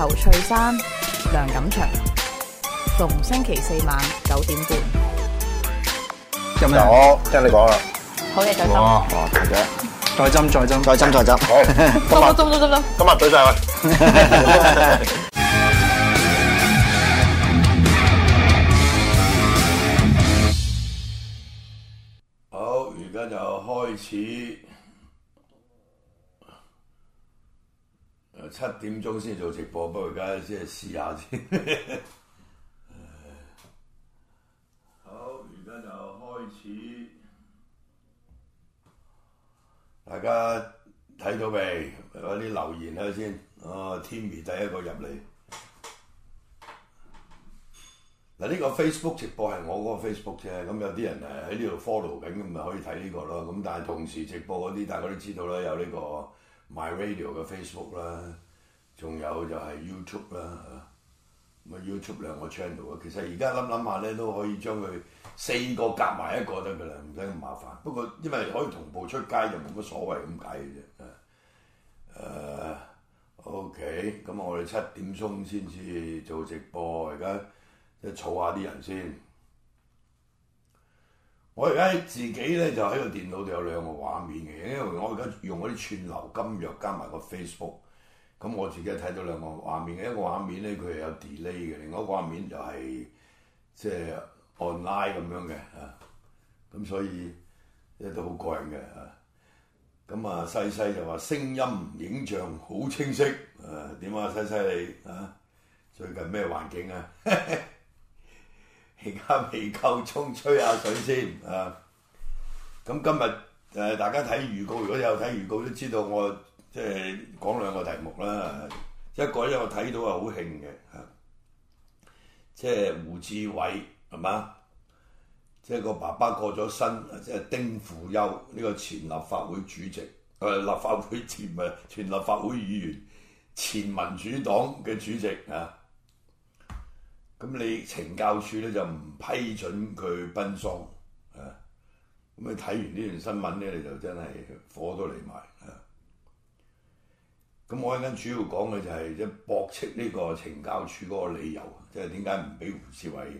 侯翠珊、梁錦祥，逢星期四晚九點半。咁樣，我聽你講啦。好嘢，再斟。哇，大姐，再斟，再斟，再斟，再斟。好，今日斟，斟，斟，斟。今日對晒佢。好，而家就開始。七點鐘先做直播，不過而家先試下先。呵呵，好，而家就開始，大家睇到未？有啲留言啊先。哦，Timmy 第一個入嚟。嗱、啊，呢、呢個 Facebook 直播係我嗰個 Facebook 啫。咁、嗯、有啲人誒喺呢度 follow 緊，咁咪可以睇呢個咯。咁但係同時直播嗰啲，大家都知道啦，有呢、呢個。MyRadio 嘅 Facebook 啦，仲有就係 YouTube 啦、啊、嚇，咁 YouTube 兩個 channel 啊，其實而家諗諗下咧，都可以將佢四個夾埋一個得噶啦，唔使咁麻煩。不過因為可以同步出街就冇乜所謂咁解嘅啫。誒、啊、OK，咁我哋七點鐘先至做直播，而家即係湊下啲人先。我而家自己咧就喺個電腦度有兩個畫面嘅，因為我而家用嗰啲串流金鑰加埋個 Facebook，咁我自己睇到兩個畫面嘅，一個畫面咧佢係有 delay 嘅，另一個畫面就係、是、即係、就是、online 咁樣嘅啊，咁所以呢度好過癮嘅啊。咁啊，西西就話聲音影像好清晰啊，點啊西西你啊最近咩環境啊？ 而家未夠鐘，吹下水先啊！咁今日誒、呃，大家睇預告，如果有睇預告都知道我，我即係講兩個題目啦。一個咧，我睇到係，好興嘅嚇，即係胡志偉係嘛？即係個爸爸過咗身，即、就、係、是、丁富休呢、這個前立法會主席，誒、呃、立法會前誒前立法會議員，前民主黨嘅主席啊！咁你懲教署咧就唔批准佢奔喪，啊！咁你睇完呢段新聞咧，你就真係火都嚟埋，啊！咁我一陣間主要講嘅就係即係駁斥呢個懲教署嗰個理由，即係點解唔俾胡志偉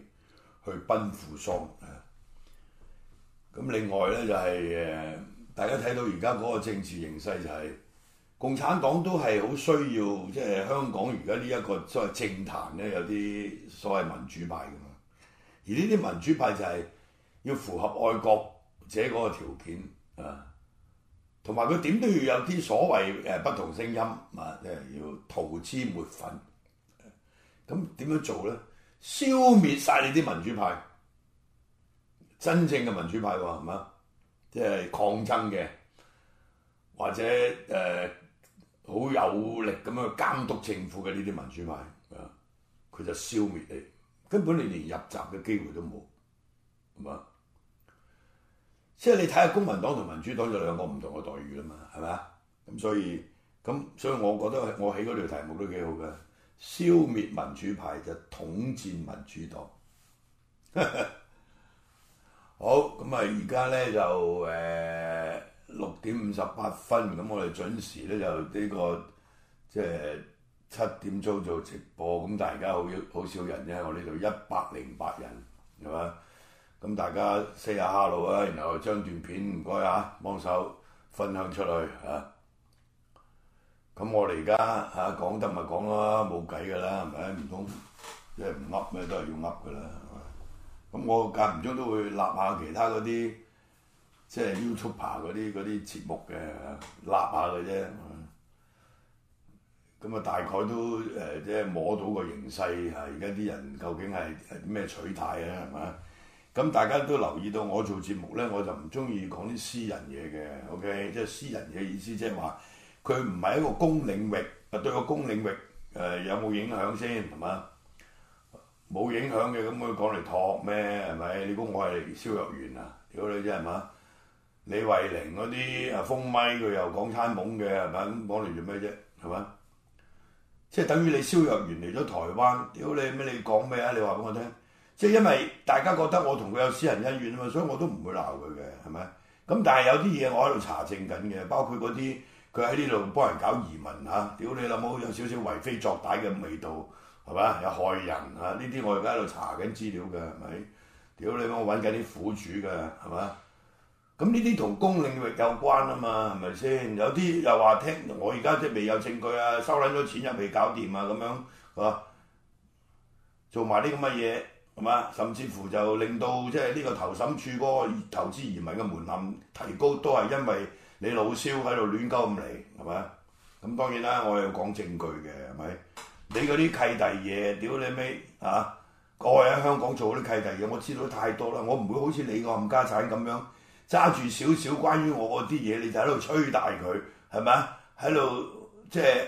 去奔父喪啊？咁另外咧就係、是、誒、呃，大家睇到而家嗰個政治形勢就係、是。共產黨都係好需要，即係香港而家呢一個所謂政壇咧，有啲所謂民主派㗎嘛。而呢啲民主派就係要符合愛國者嗰個條件啊，同埋佢點都要有啲所謂誒不同聲音啊，即係要塗脂抹粉。咁點樣做咧？消滅晒你啲民主派，真正嘅民主派喎，係嘛？即係抗爭嘅，或者誒。呃好有力咁樣監督政府嘅呢啲民主派，啊，佢就消滅你，根本你連入閘嘅機會都冇，係嘛？即係你睇下公民黨同民主黨有兩個唔同嘅待遇啦嘛，係咪啊？咁所以咁所以我覺得我起嗰條題目都幾好嘅，嗯、消滅民主派就統戰民主黨。 好，咁啊，而家咧就誒。呃六點五十八分，咁我哋準時咧就呢個即係七點鐘做直播，咁大家好少好少人啫，我呢度一百零八人，係嘛？咁大家 say 下 hello 啊，然後將段片唔該啊，幫手分享出去嚇。咁、啊、我哋而家嚇講得咪講啦，冇計噶啦，係咪？唔通即係唔噏咩？都係要噏噶啦，係咪？咁我間唔中都會立下其他嗰啲。即係 YouTube 嗰啲啲節目嘅，立下嘅啫。咁、嗯、啊，大概都誒、呃、即係摸到個形勢係而家啲人究竟係咩取態嘅係嘛？咁大家都留意到，我做節目咧，我就唔中意講啲私人嘢嘅。OK，即係私人嘅意思，即係話佢唔係一個公領域，對個公領域誒、呃、有冇影響先係嘛？冇影響嘅，咁佢講嚟托咩？係咪？你估我係蕭若元啊？如果你知係嘛？李慧玲嗰啲啊，封咪佢又講餐懵嘅，係咪？咁幫嚟做咩啫？係咪？即係等於你蕭若元嚟咗台灣，屌你咩？你講咩啊？你話俾我聽。即係因為大家覺得我同佢有私人恩怨啊嘛，所以我都唔會鬧佢嘅，係咪？咁但係有啲嘢我喺度查證緊嘅，包括嗰啲佢喺呢度幫人搞移民嚇，屌你老母有少少為非作歹嘅味道，係咪？有害人嚇，呢啲我而家喺度查緊資料嘅，係咪？屌你，我揾緊啲苦主嘅，係咪？咁呢啲同公領域有關啊嘛，係咪先？有啲又話聽，我而家即係未有證據啊，收撚咗錢又未搞掂啊，咁樣啊，做埋啲咁嘅嘢係嘛？甚至乎就令到即係呢個投審處嗰個投資移民嘅門檻提高，都係因為你老蕭喺度亂鳩咁嚟，係咪？咁、嗯、當然啦，我係講證據嘅，係咪？你嗰啲契弟嘢，屌你尾！啊！我喺香港做啲契弟嘢，我知道太多啦，我唔會好似你個冚家產咁樣。揸住少少關於我嗰啲嘢，你就喺度吹大佢，係咪啊？喺度即係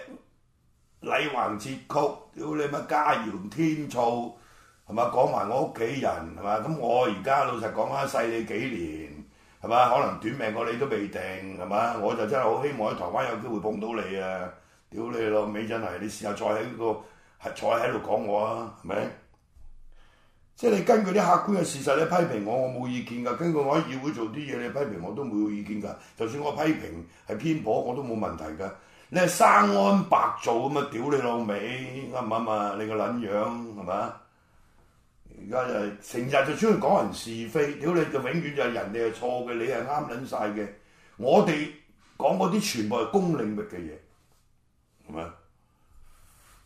禮橫節曲，屌你乜家謠添醋，係咪？講埋我屋企人，係嘛？咁我而家老實講返，細你幾年，係嘛？可能短命過你都未定，係嘛？我就真係好希望喺台灣有機會碰到你啊！屌你老味真係，你試下再喺個係再喺度講我啊，係咪？即係你根據啲客觀嘅事實你批評我，我冇意見噶。根據我喺議會做啲嘢，你批評我都冇意見噶。就算我批評係偏頗，我都冇問題噶。你係生安白做咁啊？屌你老味，啱唔啱啊？你個撚樣係嘛？而家就成日就出去講人是非，屌你就永遠就係人哋係錯嘅，你係啱撚晒嘅。我哋講嗰啲全部係公領域嘅嘢，係咪？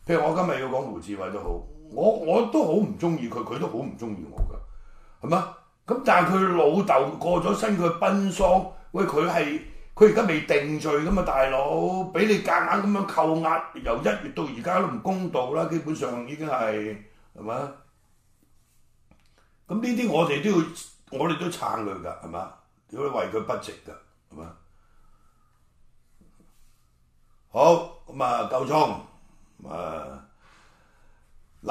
譬如我今日要講胡志偉都好。我我都好唔中意佢，佢都好唔中意我噶，係嘛？咁但係佢老豆過咗身，佢奔喪。喂，佢係佢而家未定罪噶嘛？大佬俾你夾硬咁樣扣押，由一月到而家都唔公道啦。基本上已經係，係嘛？咁呢啲我哋都要，我哋都撐佢噶，係嘛？點解為佢不值噶？係嘛？好咁啊，夠鐘啊！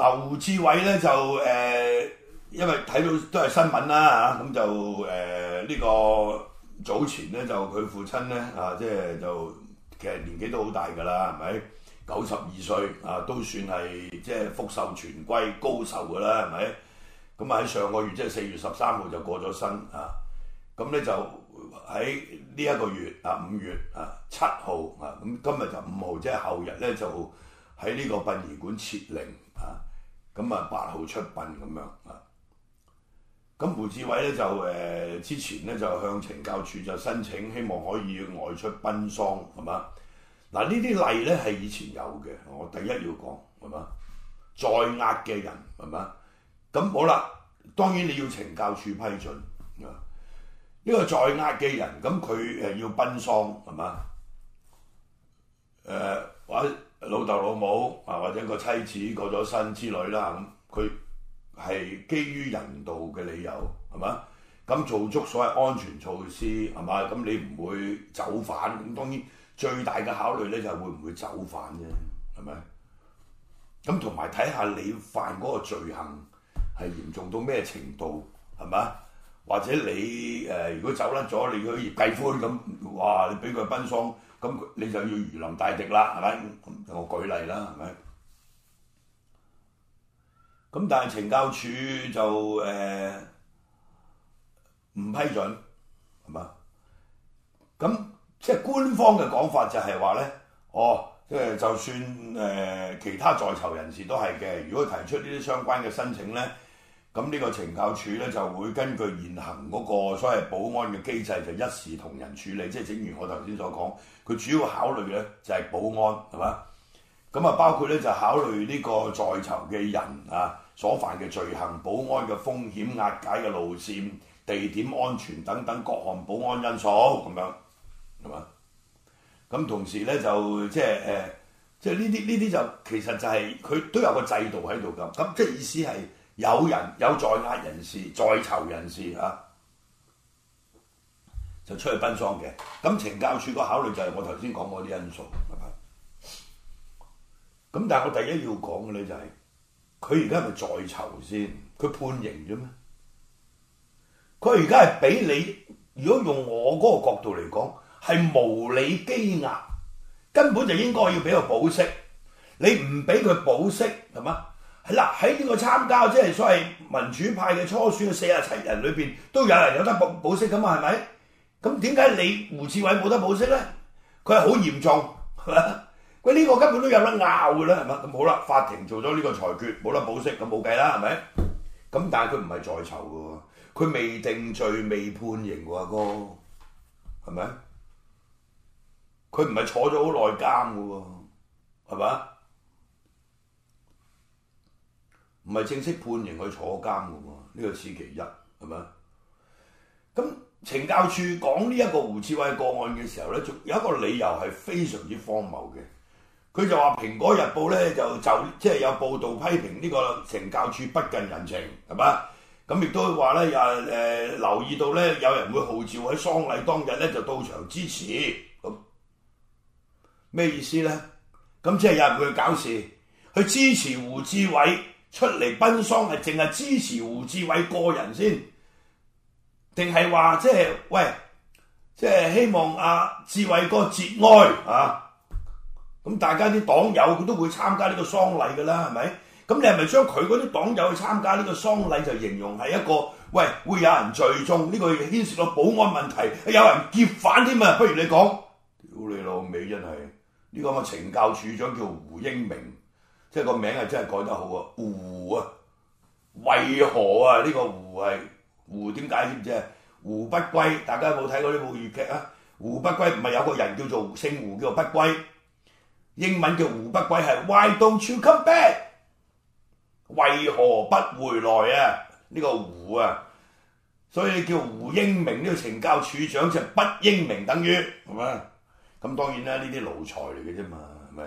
胡志偉咧就誒、呃，因為睇到都係新聞啦嚇，咁、嗯、就誒呢、呃這個早前咧就佢父親咧啊，即係就其實年紀都好大㗎啦，係咪？九十二歲啊，都算係即係福壽全歸高壽㗎啦，係咪？咁啊喺上個月即係四月十三號就過咗身啊，咁、嗯、咧就喺呢一個月啊五月啊七號啊，咁、啊啊、今日就五號即係後日咧就喺呢個殯儀館設靈啊。咁啊，八號出殯咁樣啊，咁胡志偉咧就誒、呃、之前咧就向懲教處就申請，希望可以外出奔喪係嘛？嗱呢啲例咧係以前有嘅，我第一要講係嘛？在押嘅人係嘛？咁好啦，當然你要懲教處批准啊。呢、這個在押嘅人，咁佢誒要奔喪係嘛？誒我，呃老豆老母啊，或者個妻子過咗身之類啦，咁佢係基於人道嘅理由，係嘛？咁做足所謂安全措施，係嘛？咁你唔會走反，咁當然最大嘅考慮咧就係會唔會走反啫，係咪？咁同埋睇下你犯嗰個罪行係嚴重到咩程度，係嘛？或者你誒、呃，如果走甩咗，你去葉繼歡咁，哇！你俾佢奔喪。咁你就要如臨大敵啦，係咪？咁我舉例啦，係咪？咁但係懲教處就誒唔、呃、批准，係咪？咁即係官方嘅講法就係話咧，哦，即係就算誒其他在囚人士都係嘅，如果提出呢啲相關嘅申請咧。咁呢個懲教署咧就會根據現行嗰個所謂保安嘅機制，就一視同仁處理。即係正如我頭先所講，佢主要考慮咧就係、是、保安係嘛。咁啊，包括咧就考慮呢個在囚嘅人啊所犯嘅罪行、保安嘅風險，押解嘅路線、地點安全等等各項保安因素咁樣係嘛。咁同時咧就即係誒，即係呢啲呢啲就其實就係、是、佢都有個制度喺度㗎。咁即係意思係。有人有在押人士、在囚人士啊，就出去奔喪嘅。咁懲教處個考慮就係我頭先講嗰啲因素，係嘛？咁但係我第一要講嘅咧就係、是，佢而家係咪在囚先？佢判刑啫咩？佢而家係俾你，如果用我嗰個角度嚟講，係無理羈押，根本就應該要俾個保釋。你唔俾佢保釋，係嘛？係喺呢個參加即係所謂民主派嘅初選嘅四十七人裏邊，都有人有得保保釋噶嘛，係咪？咁點解你胡志偉冇得保釋咧？佢係好嚴重，係嘛？佢呢個根本都有得拗嘅啦，係嘛？咁好啦，法庭做咗呢個裁決，冇得保釋，咁冇計啦，係咪？咁但係佢唔係在囚嘅喎，佢未定罪、未判刑喎，阿哥，哥，係咪？佢唔係坐咗好耐監嘅喎，係嘛？唔係正式判刑去坐監嘅喎，呢、這個此其一係咪？咁懲教處講呢一個胡志偉個案嘅時候咧，仲有一個理由係非常之荒謬嘅。佢就話《蘋果日報》咧就就即係、就是、有報導批評呢個懲教處不近人情係咪？咁亦都話咧又誒留意到咧有人會號召喺喪禮當日咧就到場支持，咁咩意思咧？咁即係有人會搞事，去支持胡志偉。出嚟奔喪係淨係支持胡志偉個人先，定係話即係喂，即係希望阿、啊、志偉哥節哀啊！咁大家啲黨友佢都會參加呢個喪禮噶啦，係咪？咁你係咪將佢嗰啲黨友去參加呢個喪禮就形容係一個喂會有人聚眾呢、呢個牽涉到保安問題，有人劫犯添啊？不如你講，屌你老味真係呢個懲教處長叫胡英明。即係個名係真係改得好啊！胡啊，為何啊？呢、這個胡係胡點解先知啊？胡不歸，大家有冇睇過呢部粵劇啊？胡不歸唔係有個人叫做姓胡叫做不歸，英文叫胡不歸係 Why don't you come back？為何不回來啊？呢、這個胡啊，所以叫胡英明呢個懲教署長就係、不英明等於，等於係咪咁當然啦，呢啲奴才嚟嘅啫嘛，係咪？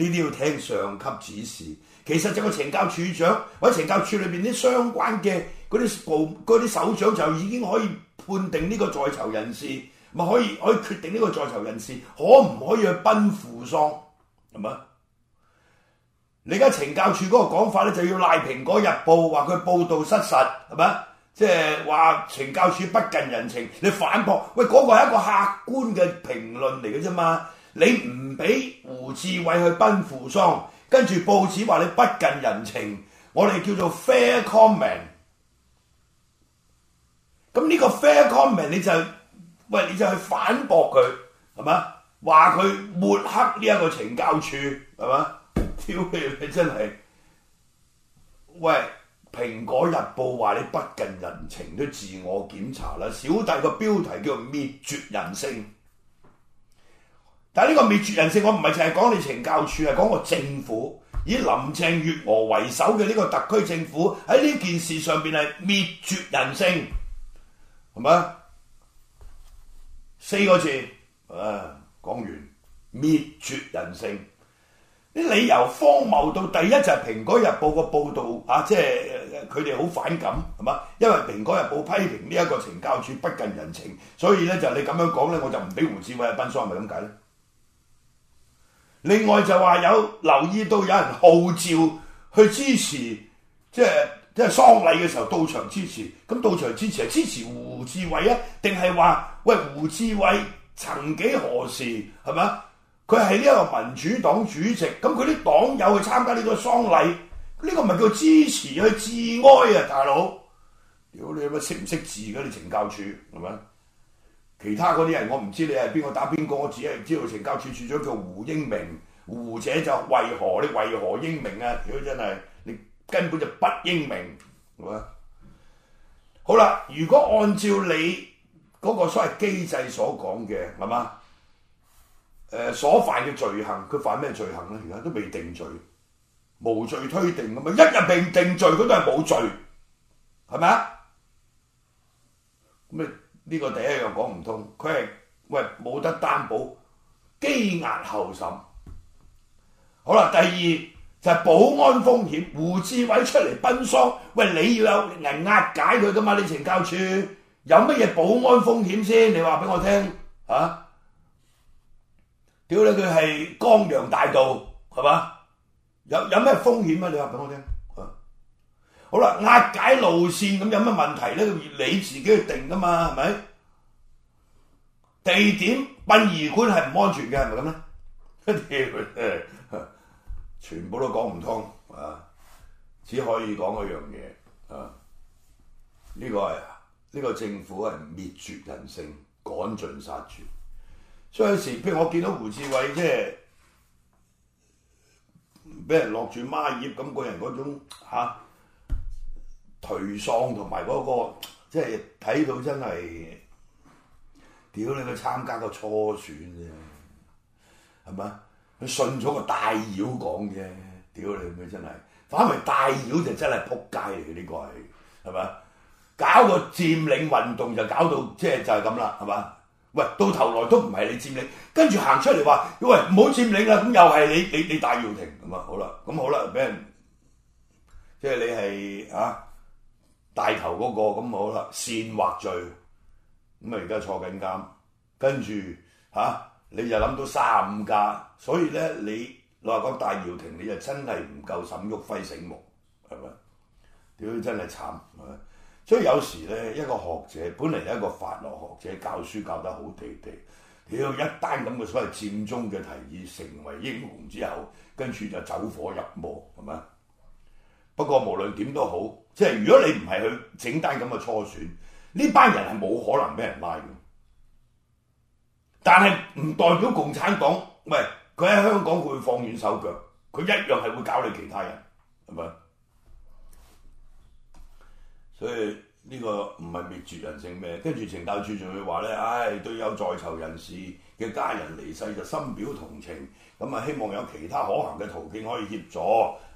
呢啲要聽上級指示，其實整個懲教處長或者懲教處裏邊啲相關嘅嗰啲部啲首長就已經可以判定呢個在囚人士，咪可以可以決定呢個在囚人士可唔可以去奔父喪，係咪？你而家懲教處嗰個講法咧，就要賴《蘋果日報》話佢報道失實，係咪？即係話懲教處不近人情，你反駁，喂，嗰個係一個客觀嘅評論嚟嘅啫嘛。你唔俾胡志偉去奔父喪，跟住報紙話你不近人情，我哋叫做 fair comment。咁呢個 fair comment 你就，喂你就去反駁佢係嘛？話佢抹黑呢一個懲教處係嘛？屌 你真係！喂，《蘋果日報》話你不近人情都自我檢查啦，小弟個標題叫滅絕人性。但係呢個滅絕人性，我唔係淨係講你懲教署，係講個政府以林鄭月娥為首嘅呢個特區政府喺呢件事上邊係滅絕人性，係嘛？四個字，誒、啊，講完滅絕人性，啲理由荒謬到第一就係、是《蘋果日報》個報道吓，即係佢哋好反感，係嘛？因為《蘋果日報》批評呢一個懲教署不近人情，所以咧就是、你咁樣講咧，我就唔俾胡志偉去奔喪係咪咁解咧？是另外就話有留意到有人號召去支持，即係即係喪禮嘅時候到場支持。咁到場支持係支持胡志偉啊？定係話喂胡志偉曾幾何時係咪啊？佢係呢一個民主黨主席，咁佢啲黨友去參加呢個喪禮，呢個唔係叫支持去致哀啊，大佬！屌你乜識唔識字㗎？你懲教處係咪？其他嗰啲人我唔知你係邊個打邊個，我只係知道懲教處處長叫胡英明，胡者就為何？你為何英明啊？如果真係你根本就不英明，係嘛。好啦，如果按照你嗰個所謂機制所講嘅，係嘛？誒，所犯嘅罪行，佢犯咩罪行咧？而家都未定罪，無罪推定咁啊！一日未定罪，佢都係冇罪，係咪啊？咁你？呢個第一樣講唔通，佢係喂冇得擔保，羈押候審。好啦，第二就係、是、保安風險，胡志偉出嚟奔喪，喂你要有人押解佢噶嘛？你懲教處有乜嘢保安風險先？你話俾我聽啊！屌你佢係江洋大盜係嘛？有有咩風險啊？你話俾我聽。啊好啦，押解路線咁有乜問題咧？你自己去定噶嘛，係咪？地點殯儀館係唔安全嘅，係咪咁咧？ 全部都講唔通啊！只可以講一樣嘢啊！呢、這個係呢、這個政府係滅絕人性、趕盡殺絕。所以有時，譬如我見到胡志偉，即係俾人落住孖葉咁，個人嗰種、啊頹喪同埋嗰個，即係睇到真係，屌你去參加個初選啫，係嘛？佢信咗個大妖講啫，屌你咪真係，反為大妖就真係撲街嚟嘅呢個係，係嘛？搞個佔領運動就搞到即係就係咁啦，係嘛？喂，到頭來都唔係你佔領，跟住行出嚟話喂唔好佔領啦，咁又係你你你戴耀廷咁啊？好啦，咁好啦，俾人即係你係啊？大頭嗰、那個咁好啦，煽惑罪咁啊！而家坐緊監，跟住吓、啊，你就諗到三五家，所以咧你，我話講戴耀廷，你就真係唔夠沈旭輝醒目，係咪？屌真係慘，係所以有時咧，一個學者本嚟一個法律學者，教書教得好地地，屌一單咁嘅所謂佔中嘅提議，成為英雄之後，跟住就走火入魔，係咪？不過無論點都好。即係如果你唔係去整單咁嘅初選，呢班人係冇可能俾人拉嘅。但係唔代表共產黨，喂，佢喺香港佢會放軟手腳，佢一樣係會搞你其他人，係咪？所以呢個唔係滅絕人性咩？跟住懲教署仲要話咧，唉，對有在囚人士嘅家人離世就深表同情，咁啊希望有其他可行嘅途徑可以協助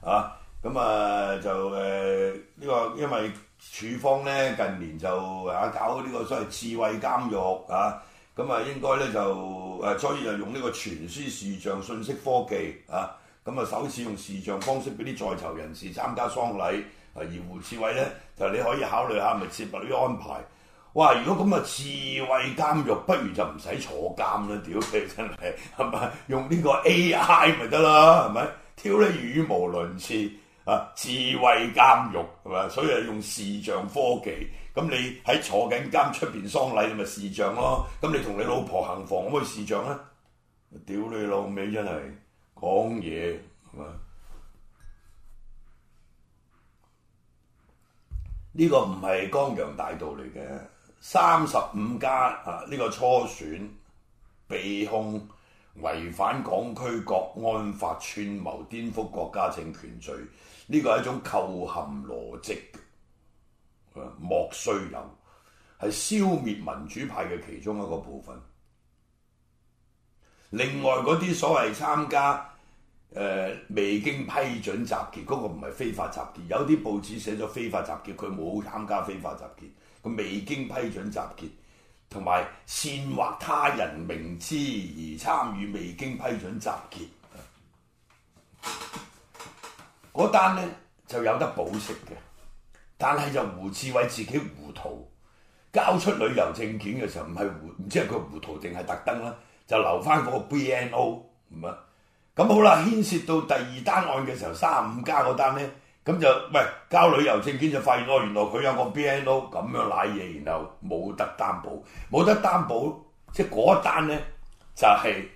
啊。咁啊、嗯、就誒呢、呃這個因為處方咧近年就嚇、啊、搞呢個所謂智慧監獄嚇，咁啊、嗯、應該咧就誒、啊、所以就用呢個傳輸視像信息科技嚇，咁啊、嗯、首次用視像方式俾啲在囚人士參加喪禮，啊、而胡志位咧就你可以考慮下，咪設立啲安排。哇！如果咁啊智慧監獄，不如就唔使坐監啦，屌你真係係咪用呢個 AI 咪得啦，係咪？挑你語無倫次！啊！智慧監獄係嘛？所以係用視像科技。咁你喺坐緊監出邊喪禮咪視像咯？咁你同你老婆行房可唔可以視像啊？屌你老味，真係講嘢係嘛？呢個唔係江洋大盜嚟嘅，三十五家啊！呢個初選被控違反港區國安法串謀顛覆國家政權罪。呢個係一種構陷邏輯，莫須有，係消滅民主派嘅其中一個部分。另外嗰啲所謂參加誒、呃、未經批准集結嗰個唔係非法集結，有啲報紙寫咗非法集結，佢冇參加非法集結，佢未經批准集結，同埋煽惑他人明知而參與未經批准集結。嗰單咧就有得保釋嘅，但係就胡志偉自己糊塗，交出旅遊證件嘅時候唔係糊，唔知係佢糊塗定係特登啦，就留返個 BNO 咁、嗯、啊。咁好啦，牽涉到第二單案嘅時候，三十五加嗰單咧，咁就喂交旅遊證件就發現哦，原來佢有個 BNO 咁樣瀨嘢，然後冇得擔保，冇得擔保，即係嗰單咧就係、是。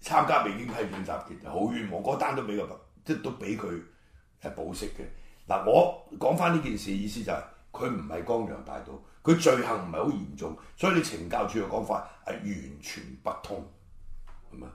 參加未經批判集結，好冤枉，嗰單都俾佢，即都俾佢係保釋嘅。嗱，我講翻呢件事意思就係佢唔係江洋大盜，佢罪行唔係好嚴重，所以你懲教處嘅講法係完全不通，係咪？